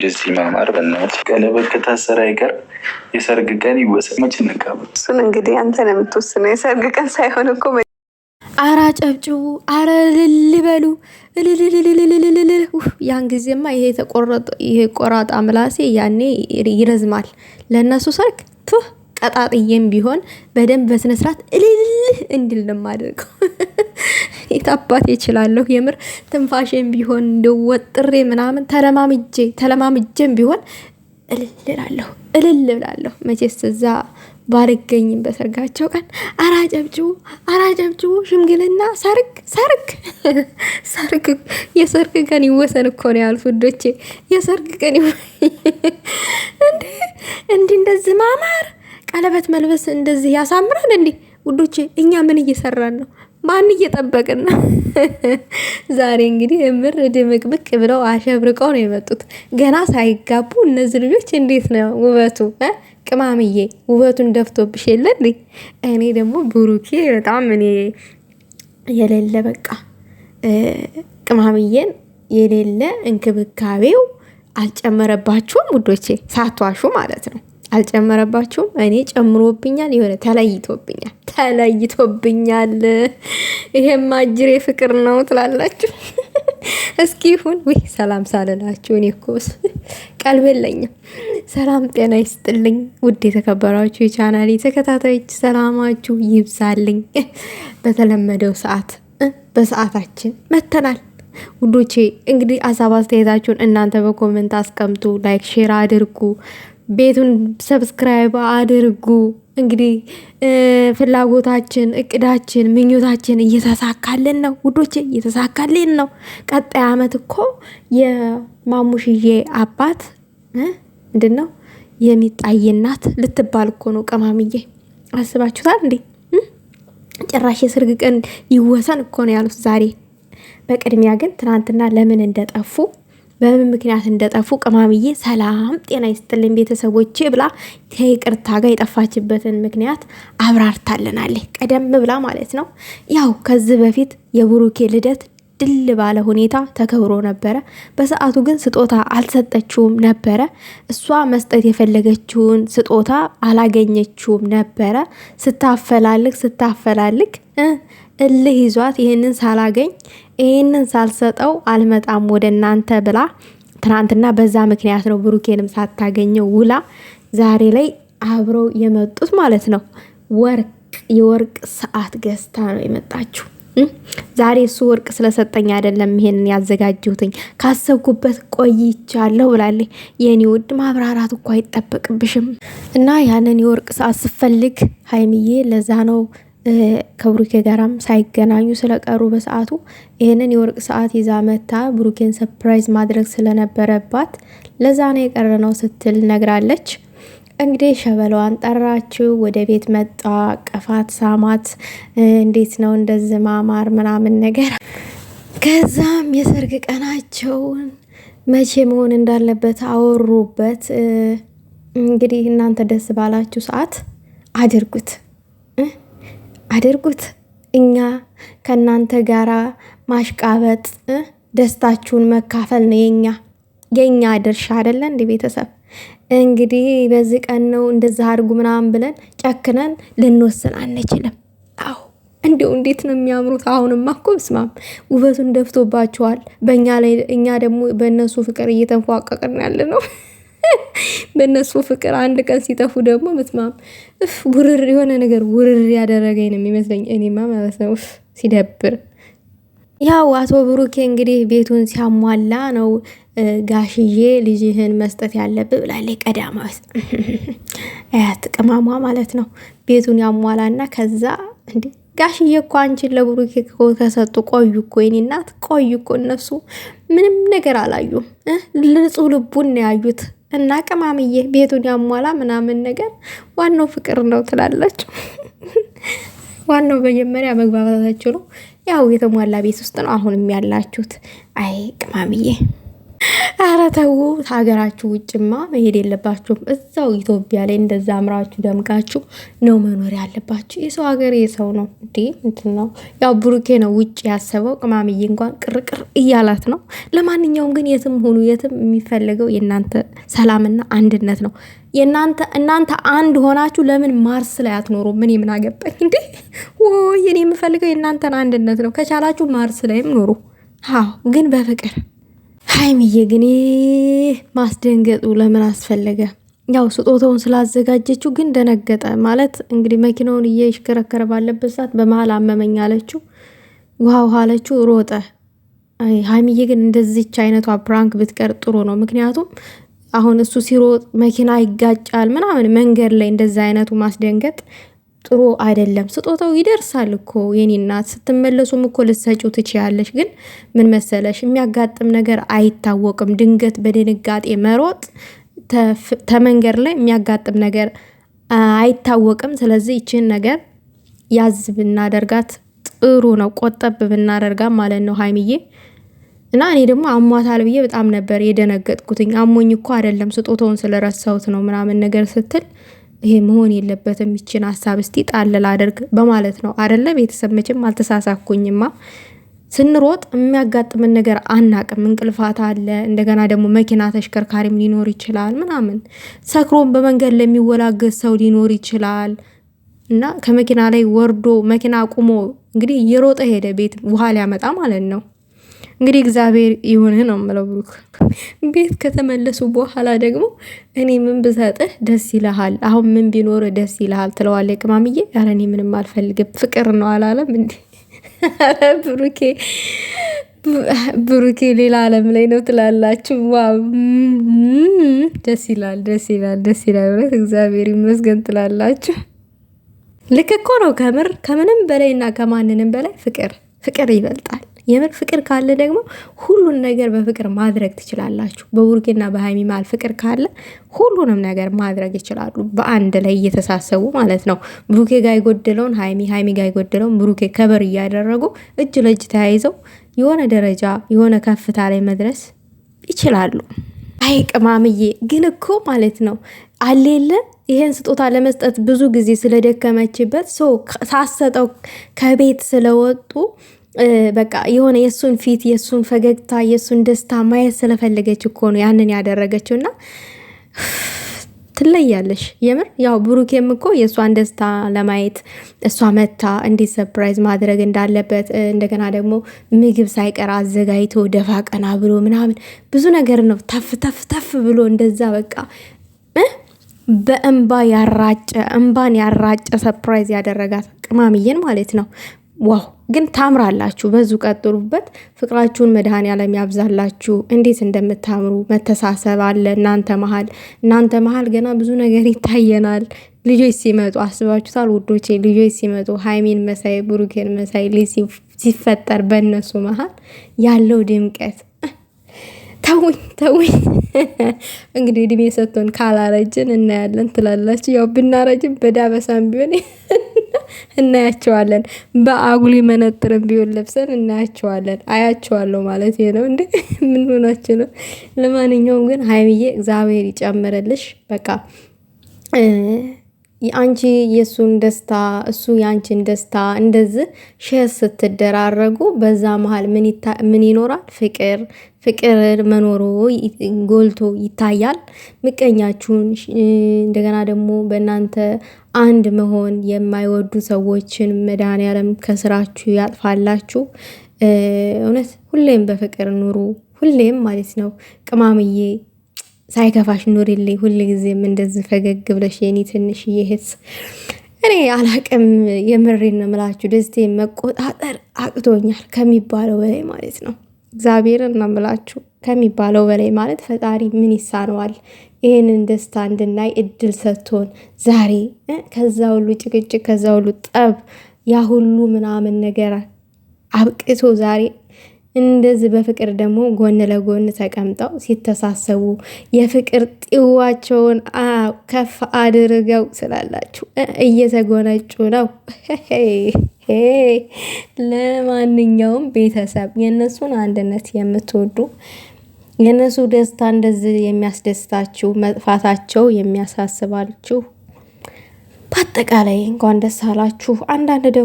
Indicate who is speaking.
Speaker 1: እንደዚህ ማማር በእናት ቀለበት ከታሰረ አይቀር የሰርግ ቀን ይወሰድ። መች እንጋባ?
Speaker 2: እሱን እንግዲህ አንተ ነው የምትወስነው። የሰርግ ቀን ሳይሆን እኮ አረ አጨብጭቡ፣ አረ እልል በሉ። ያን ጊዜማ ይሄ ይሄ ቆራጣ ምላሴ ያኔ ይረዝማል። ለእነሱ ሰርግ ቱ ቀጣጥዬም ቢሆን በደንብ በስነስርዓት እልል እንድል ነው የማደርገው። የት አባቴ እችላለሁ? የምር ትንፋሽም ቢሆን እንደወጥሬ ምናምን ተለማምጄ ተለማምጄም ቢሆን እልል እላለሁ እልል እላለሁ። መቼስ እዛ ባልገኝም በሰርጋቸው ቀን አራጨብጭቡ አራጨብጭቡ። ሽምግልና ሰርግ ሰርግ ሰርግ የሰርግ ቀን ይወሰን እኮ ነው ያሉት ውዶቼ። የሰርግ ቀን እንዴ! እንዲ እንደዚህ ማማር ቀለበት መልበስ እንደዚህ ያሳምራል እንዴ ውዶቼ? እኛ ምን እየሰራን ነው? ማን እየጠበቅን ዛሬ እንግዲህ እምር ድምቅምቅ ብለው አሸብርቀው ነው የመጡት። ገና ሳይጋቡ እነዚህ ልጆች እንዴት ነው ውበቱ! ቅማምዬ ውበቱን ደፍቶብሽ የለ እንዴ? እኔ ደግሞ ብሩኬ በጣም እኔ የሌለ በቃ ቅማምዬን የሌለ እንክብካቤው አልጨመረባችሁም ውዶቼ፣ ሳትዋሹ ማለት ነው። አልጨመረባችሁም? እኔ ጨምሮብኛል። የሆነ ተለይቶብኛል ተለይቶብኛል። ይሄም አጅሬ ፍቅር ነው ትላላችሁ። እስኪ ይሁን ወይ ሰላም ሳልላችሁ እኔ እኮ ቀልብ የለኝም። ሰላም ጤና ይስጥልኝ ውድ የተከበራችሁ የቻናሌ ተከታታዮች ሰላማችሁ ይብዛልኝ። በተለመደው ሰዓት በሰዓታችን መተናል። ውዶቼ እንግዲህ አሳብ አስተያየታችሁን እናንተ በኮመንት አስቀምጡ፣ ላይክ ሼር አድርጉ። ቤቱን ሰብስክራይብ አድርጉ። እንግዲህ ፍላጎታችን፣ እቅዳችን፣ ምኞታችን እየተሳካልን ነው ውዶቼ፣ እየተሳካልን ነው። ቀጣይ አመት እኮ የማሙሽዬ አባት ምንድን ነው የሚጣዬ እናት ልትባል እኮ ነው። ቀማምዬ አስባችሁታል እንዴ? ጭራሽ የሰርግ ቀን ይወሰን እኮ ነው ያሉት ዛሬ። በቅድሚያ ግን ትናንትና ለምን እንደጠፉ በምን ምክንያት እንደጠፉ ቅማምዬ ሰላም ጤና ይስጥልኝ ቤተሰቦቼ ብላ ከይቅርታ ጋር የጠፋችበትን ምክንያት አብራርታልናለች። ቀደም ብላ ማለት ነው። ያው ከዚህ በፊት የብሩኬ ልደት ድል ባለ ሁኔታ ተከብሮ ነበረ። በሰዓቱ ግን ስጦታ አልሰጠችውም ነበረ። እሷ መስጠት የፈለገችውን ስጦታ አላገኘችውም ነበረ። ስታፈላልግ ስታፈላልግ እልህ ይዟት ይህንን ሳላገኝ ይህንን ሳልሰጠው አልመጣም ወደ እናንተ ብላ ትናንትና በዛ ምክንያት ነው ብሩኬንም ሳታገኘው ውላ ዛሬ ላይ አብረው የመጡት ማለት ነው። ወርቅ የወርቅ ሰዓት ገዝታ ነው የመጣችው። ዛሬ እሱ ወርቅ ስለሰጠኝ አይደለም ይሄንን ያዘጋጀሁትኝ ካሰብኩበት ቆይቻለሁ ብላለች። የኔ ውድ ማብራራት እኮ አይጠበቅብሽም እና ያንን የወርቅ ሰዓት ስፈልግ ሀይምዬ ለዛ ነው ከብሩኬ ጋራም ሳይገናኙ ስለቀሩ በሰዓቱ ይህንን የወርቅ ሰዓት ይዛ መታ ብሩኬን ሰፕራይዝ ማድረግ ስለነበረባት ለዛ ነው የቀረ ነው ስትል ነግራለች። እንግዲህ ሸበለዋን ጠራችው፣ ወደ ቤት መጣ፣ ቀፋት፣ ሳማት። እንዴት ነው እንደዚህ ማማር ምናምን ነገር። ከዛም የሰርግ ቀናቸውን መቼ መሆን እንዳለበት አወሩበት። እንግዲህ እናንተ ደስ ባላችሁ ሰዓት አድርጉት። አድርጉት። እኛ ከእናንተ ጋር ማሽቃበጥ፣ ደስታችሁን መካፈል ነው የኛ የእኛ ድርሻ አይደለ እንደ ቤተሰብ። እንግዲህ በዚህ ቀን ነው እንደዛ አድርጉ ምናምን ብለን ጨክነን ልንወስን አንችልም። አዎ እንዲሁ እንዴት ነው የሚያምሩት! አሁንማ እኮ ስማም ውበቱን ደፍቶባቸዋል። በእኛ ላይ እኛ ደግሞ በእነሱ ፍቅር እየተንፏቀቅን ያለ ነው። በእነሱ ፍቅር አንድ ቀን ሲጠፉ ደግሞ ምትማም እፍ ውርር የሆነ ነገር ውርር ያደረገኝ ነው የሚመስለኝ እኔማ ማለት ነው። እፍ ሲደብር ያው አቶ ብሩኬ እንግዲህ ቤቱን ሲያሟላ ነው ጋሽዬ ልጅህን መስጠት ያለብህ ብላለች ቀዳማዊት አያት ቅማሟ ማለት ነው። ቤቱን ያሟላና ከዛ እንዴ ጋሽዬ እኮ አንቺን ለብሩኬ ከሰጡ ቆዩ እኮ የኔ እናት ቆዩ እኮ እነሱ ምንም ነገር አላዩም። ንጹህ ልቡን ነው ያዩት። እና ቅማምዬ ቤቱን ያሟላ ምናምን ነገር ዋናው ፍቅር ነው ትላላችሁ። ዋናው መጀመሪያ መግባባታችሁ ነው። ያው የተሟላ ቤት ውስጥ ነው አሁንም ያላችሁት። አይ ቅማምዬ ኧረ ተው፣ ሀገራችሁ ውጭማ መሄድ የለባችሁም። እዛው ኢትዮጵያ ላይ እንደዛ አምራችሁ ደምቃችሁ ነው መኖር ያለባችሁ። የሰው ሀገር የሰው ነው እንዴ? ምንድን ነው ያው ብሩኬ ነው ውጭ ያሰበው። ቅማምዬ እንኳን ቅርቅር እያላት ነው። ለማንኛውም ግን የትም ሆኑ የትም የሚፈለገው የእናንተ ሰላምና አንድነት ነው። የእናንተ እናንተ አንድ ሆናችሁ ለምን ማርስ ላይ አትኖሩም? ምን ምን አገባኝ እንዴ? ወይ እኔ የምፈልገው የእናንተን አንድነት ነው። ከቻላችሁ ማርስ ላይም ኖሩ። አዎ ግን በፍቅር ሀይሚዬ ግን ማስደንገጡ ለምን አስፈለገ? ያው ስጦታውን ስላዘጋጀችው ግን ደነገጠ ማለት እንግዲህ መኪናውን እየሽከረከረ ባለበት ሰዓት በመሀል አመመኝ አለችው። ውሃ ውሃ አለችው፣ ሮጠ። ሀይሚዬ ግን እንደዚች አይነቷ ፕራንክ ብትቀር ጥሩ ነው። ምክንያቱም አሁን እሱ ሲሮጥ መኪና ይጋጫል ምናምን መንገድ ላይ እንደዚ አይነቱ ማስደንገጥ ጥሩ አይደለም። ስጦታው ይደርሳል እኮ የኔ እናት፣ ስትመለሱም እኮ ልትሰጪው ትችያለሽ። ግን ምን መሰለሽ የሚያጋጥም ነገር አይታወቅም። ድንገት በድንጋጤ መሮጥ ተመንገድ ላይ የሚያጋጥም ነገር አይታወቅም። ስለዚህ ይችን ነገር ያዝ ብናደርጋት ጥሩ ነው። ቆጠብ ብናደርጋ ማለት ነው ሀይሚዬ እና እኔ ደግሞ አሟታል ብዬ በጣም ነበር የደነገጥኩትኝ። አሞኝ እኮ አይደለም ስጦታውን ስለረሳሁት ነው ምናምን ነገር ስትል ይሄ መሆን የለበትም ይችን ሀሳብ እስቲ ጣል ላደርግ በማለት ነው አደለ? ቤተሰብ መቼም አልተሳሳኩኝማ። ስንሮጥ የሚያጋጥምን ነገር አናቅም። እንቅልፋት አለ። እንደገና ደግሞ መኪና ተሽከርካሪም ሊኖር ይችላል ምናምን። ሰክሮም በመንገድ ለሚወላገድ ሰው ሊኖር ይችላል እና ከመኪና ላይ ወርዶ መኪና ቁሞ እንግዲህ እየሮጠ ሄደ ቤት ውሃ ሊያመጣ ማለት ነው። እንግዲህ እግዚአብሔር ይሁንህ ነው የምለው። ብሩክ ቤት ከተመለሱ በኋላ ደግሞ እኔ ምን ብሰጥህ ደስ ይልሃል፣ አሁን ምን ቢኖርህ ደስ ይልሃል ትለዋለህ። ቅማምዬ ኧረ እኔ ምንም አልፈልግም ፍቅር ነው አላለም እንዴ? ብሩኬ ብሩኬ ሌላ ዓለም ላይ ነው ትላላችሁ። ዋ ደስ ይላል፣ ደስ ይላል፣ ደስ ይላል። እውነት እግዚአብሔር ይመስገን ትላላችሁ። ልክ እኮ ነው። ከምር ከምንም በላይ እና ከማንንም በላይ ፍቅር ፍቅር ይበልጣል። የምር ፍቅር ካለ ደግሞ ሁሉን ነገር በፍቅር ማድረግ ትችላላችሁ። በቡርጌና በሀይሚ መሃል ፍቅር ካለ ሁሉንም ነገር ማድረግ ይችላሉ፣ በአንድ ላይ እየተሳሰቡ ማለት ነው። ብሩኬ ጋ የጎደለውን ሀይሚ፣ ሀይሚ ጋ የጎደለውን ብሩኬ ከበር እያደረጉ እጅ ለእጅ ተያይዘው የሆነ ደረጃ የሆነ ከፍታ ላይ መድረስ ይችላሉ። አይ ቅማምዬ ግን እኮ ማለት ነው አሌለ ይሄን ስጦታ ለመስጠት ብዙ ጊዜ ስለደከመችበት ሰው ሳሰጠው ከቤት ስለወጡ በቃ የሆነ የእሱን ፊት የእሱን ፈገግታ የእሱን ደስታ ማየት ስለፈለገች እኮ ነው ያንን ያደረገችው። እና ትለያለሽ የምር ያው ብሩኬም እኮ የእሷን ደስታ ለማየት እሷ መታ እንዴት ሰርፕራይዝ ማድረግ እንዳለበት እንደገና ደግሞ ምግብ ሳይቀር አዘጋጅቶ ደፋ ቀና ብሎ ምናምን ብዙ ነገር ነው ተፍ ተፍ ተፍ ብሎ እንደዛ በቃ በእንባ ያራጨ እንባን ያራጨ ሰርፕራይዝ ያደረጋት ቅማምዬን ማለት ነው። ዋው ግን ታምራላችሁ። በዙ ቀጥሉበት። ፍቅራችሁን መድሃን ዓለም ያብዛላችሁ። እንዴት እንደምታምሩ መተሳሰብ አለ እናንተ መሀል እናንተ መሀል ገና ብዙ ነገር ይታየናል። ልጆች ሲመጡ አስባችሁታል ውዶቼ? ልጆች ሲመጡ ሀይሜን መሳይ ብሩኬን መሳይ ሲፈጠር በእነሱ መሀል ያለው ድምቀት ተውኝ ተውኝ። እንግዲህ እድሜ ሰጥቶን ካላረጅን እናያለን ትላላችሁ። ያው ብናረጅም በዳበሳም ቢሆን እናያቸዋለን። በአጉሊ መነጥርም ቢሆን ለብሰን እናያቸዋለን። አያቸዋለሁ ማለት ነው። እንዴ ምን ሆናችሁ ነው? ለማንኛውም ግን ሀይሚዬ እግዚአብሔር ይጨምረልሽ በቃ አንቺ የእሱን ደስታ እሱ የአንቺን ደስታ እንደዚህ ሼር ስትደራረጉ በዛ መሀል ምን ይኖራል? ፍቅር ፍቅር መኖሩ ጎልቶ ይታያል። ምቀኛችሁን እንደገና ደግሞ በእናንተ አንድ መሆን የማይወዱ ሰዎችን መድኃኒዓለም ከስራችሁ ያጥፋላችሁ። እውነት ሁሌም በፍቅር ኑሩ፣ ሁሌም ማለት ነው ቅማምዬ ሳይከፋሽ ኑሪልኝ ጊዜ እንደዚህ ፈገግ ብለሽ የኔ ትንሽ እህት። እኔ አላቅም፣ የምሬን ነው ምላችሁ፣ ደስቴን መቆጣጠር አቅቶኛል ከሚባለው በላይ ማለት ነው። እግዚአብሔርን ነው ምላችሁ ከሚባለው በላይ ማለት ፈጣሪ ምን ይሳነዋል? ይህንን ደስታ እንድናይ እድል ሰጥቶን ዛሬ ከዛ ሁሉ ጭቅጭቅ፣ ከዛ ሁሉ ጠብ፣ ያ ሁሉ ምናምን ነገር አብቅቶ ዛሬ እንደዚህ በፍቅር ደግሞ ጎን ለጎን ተቀምጠው ሲተሳሰቡ የፍቅር ጥዋቸውን ከፍ አድርገው ስላላችሁ እየተጎነጩ ነው። ለማንኛውም ቤተሰብ የእነሱን አንድነት የምትወዱ የእነሱ ደስታ እንደዚህ የሚያስደስታችሁ መጥፋታቸው የሚያሳስባችሁ በአጠቃላይ እንኳን ደስ አላችሁ። አንዳንድ ደግሞ